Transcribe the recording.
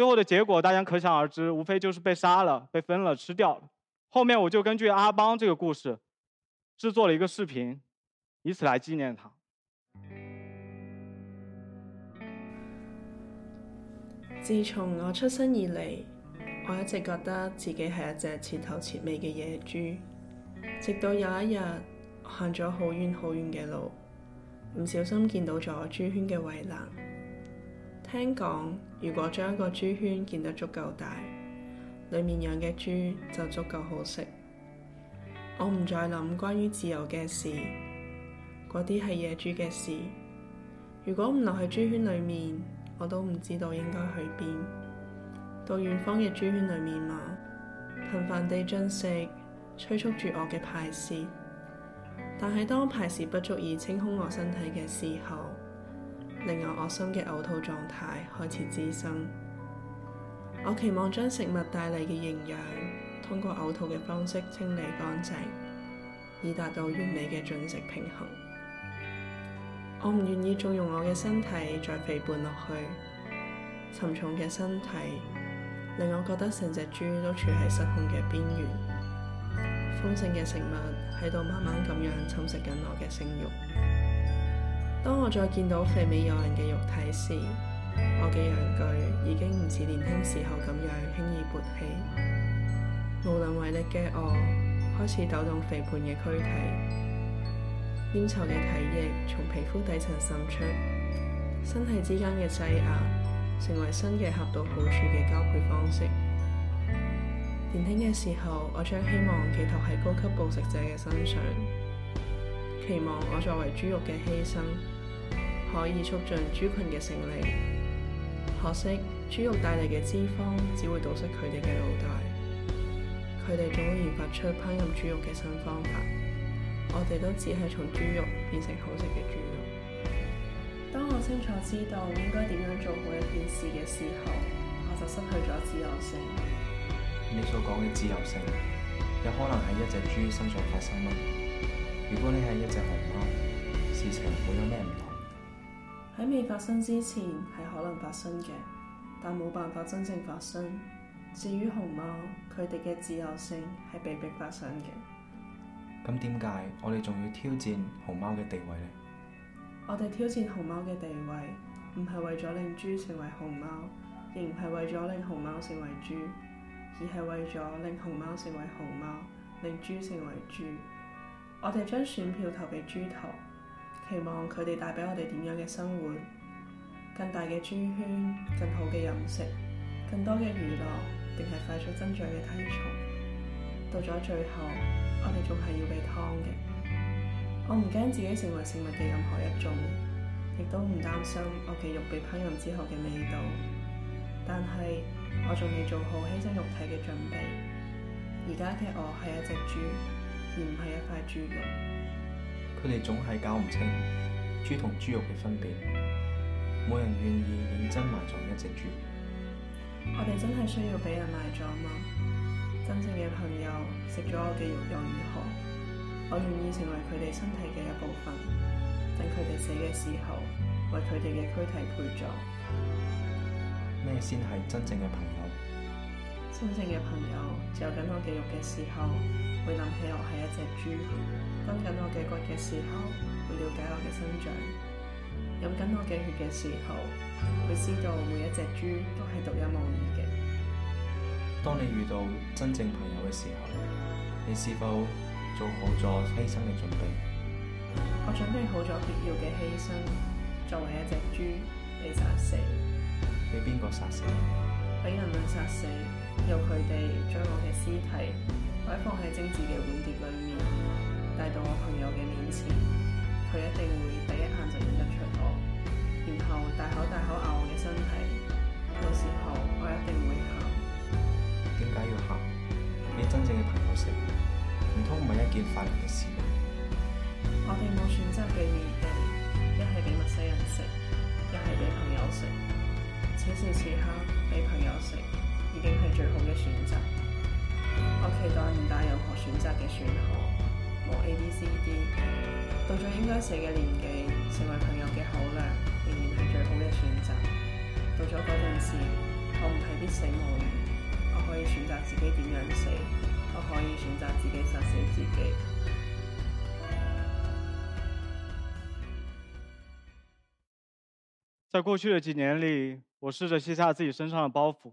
最後的結果大家可想而知，無非就是被殺了、被分了、吃掉。後面我就根據阿邦這個故事，製作了一個視頻，以此來紀念他。自從我出生以嚟，我一直覺得自己係一隻徹頭徹尾嘅野豬，直到有一日行咗好遠好遠嘅路，唔小心見到咗豬圈嘅圍欄。聽講，如果將一個豬圈建得足夠大，裏面養嘅豬就足夠好食。我唔再諗關於自由嘅事，嗰啲係野豬嘅事。如果唔留喺豬圈裏面，我都唔知道應該去邊。到遠方嘅豬圈裏面嘛，頻繁地進食，催促住我嘅排泄。但係當排泄不足以清空我身體嘅時候，令我噁心嘅嘔吐狀態開始滋生，我期望將食物帶嚟嘅營養通過嘔吐嘅方式清理乾淨，以達到完美嘅進食平衡。我唔願意縱容我嘅身體再肥胖落去，沉重嘅身體令我覺得成隻豬都處喺失控嘅邊緣。豐盛嘅食物喺度慢慢咁樣侵蝕緊我嘅性慾。當我再見到肥美誘人嘅肉體時，我嘅陽具已經唔似年輕時候咁樣輕易勃起。無能為力嘅我開始抖動肥胖嘅軀體，粘稠嘅體液從皮膚底層滲出，身體之間嘅擠壓成為新嘅恰到好處嘅交配方式。年輕嘅時候，我將希望寄託喺高級捕食者嘅身上，期望我作為豬肉嘅犧牲。可以促進豬群嘅勝利，可惜豬肉帶嚟嘅脂肪只會堵塞佢哋嘅腦袋。佢哋總會研發出烹飪豬肉嘅新方法。我哋都只係從豬肉變成好食嘅豬肉。當我清楚知道應該點樣做好一件事嘅時候，我就失去咗自由性。你所講嘅自由性，有可能喺一隻豬身上發生嗎？如果你係一隻熊貓，事情會有咩唔喺未發生之前係可能發生嘅，但冇辦法真正發生。至於熊貓，佢哋嘅自由性係被迫發生嘅。咁點解我哋仲要挑戰熊貓嘅地位呢？我哋挑戰熊貓嘅地位，唔係為咗令豬成為熊貓，亦唔係為咗令熊貓成為豬，而係為咗令熊貓成為熊貓，令豬成為豬。我哋將選票投俾豬頭。期望佢哋帶俾我哋點樣嘅生活？更大嘅豬圈，更好嘅飲食，更多嘅娛樂，定係快速增長嘅體重？到咗最後，我哋仲係要被劏嘅。我唔驚自己成為食物嘅任何一種，亦都唔擔心我嘅肉被烹飪之後嘅味道。但係我仲未做好犧牲肉體嘅準備。而家嘅我係一隻豬，而唔係一塊豬肉。佢哋總係搞唔清豬同豬肉嘅分別，冇人願意認真埋葬一隻豬。我哋真係需要俾人埋葬嗎？真正嘅朋友食咗我嘅肉又如何？我願意成為佢哋身體嘅一部分，等佢哋死嘅時候，為佢哋嘅軀體陪葬。咩先係真正嘅朋友？真正嘅朋友，嚼緊我嘅肉嘅時候，會諗起我係一隻豬，分緊我嘅骨嘅時候，會了解我嘅生長，飲緊我嘅血嘅時候，會知道每一隻豬都係獨一無二嘅。當你遇到真正朋友嘅時候，你是否做好咗犧牲嘅準備？我準備好咗必要嘅犧牲，作為一隻豬被殺死。殺死，被邊個殺死？俾人類殺死。由佢哋將我嘅屍體擺放喺精致嘅碗碟裏面，帶到我朋友嘅面前，佢一定會第一眼就認得出我，然後大口大口咬我嘅身體，到時候我一定會喊。點解要喊？俾真正嘅朋友食，唔通唔係一件快樂嘅事？我哋冇選擇嘅餘地，一係俾陌生人食，一係俾朋友食，此時此刻俾朋友食。已經係最好嘅選擇，我期待唔帶任何選擇嘅選項，冇 A B C D，到咗應該死嘅年紀，成為朋友嘅口糧，仍然係最好嘅選擇。到咗嗰陣時，我唔係必死無疑，我可以選擇自己點樣死，我可以選擇自己殺死自己。在過去嘅幾年裏，我試着卸下自己身上嘅包袱。